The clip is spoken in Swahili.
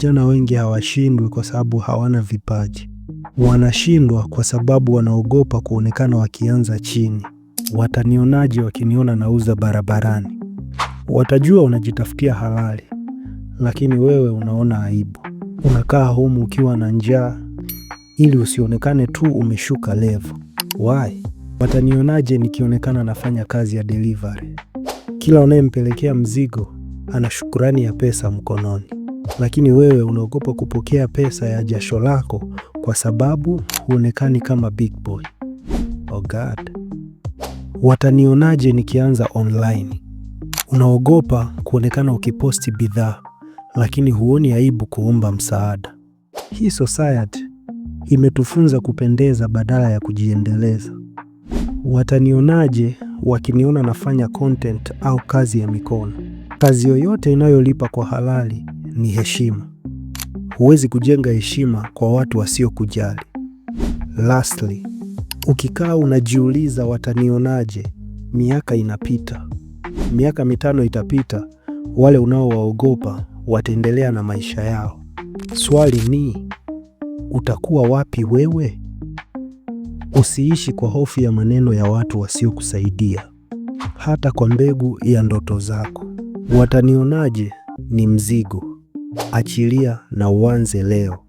Vijana wengi hawashindwi kwa sababu hawana vipaji, wanashindwa kwa sababu wanaogopa kuonekana. Wakianza chini, watanionaje? Wakiniona nauza barabarani, watajua unajitafutia halali, lakini wewe unaona aibu, unakaa humu ukiwa na njaa ili usionekane tu umeshuka levo. Why? Watanionaje nikionekana nafanya kazi ya delivery? Kila unayempelekea mzigo ana shukurani ya pesa mkononi lakini wewe unaogopa kupokea pesa ya jasho lako kwa sababu huonekani kama big boy. Oh God, watanionaje nikianza online? Unaogopa kuonekana ukiposti bidhaa, lakini huoni aibu kuomba msaada. Hii society imetufunza kupendeza badala ya kujiendeleza. Watanionaje wakiniona nafanya content au kazi ya mikono, kazi yoyote inayolipa kwa halali ni heshima. Huwezi kujenga heshima kwa watu wasiokujali. Lastly, ukikaa unajiuliza watanionaje, miaka inapita, miaka mitano itapita, wale unaowaogopa wataendelea na maisha yao. Swali ni utakuwa wapi wewe? Usiishi kwa hofu ya maneno ya watu wasiokusaidia, hata kwa mbegu ya ndoto zako. Watanionaje ni mzigo. Achilia na uanze leo.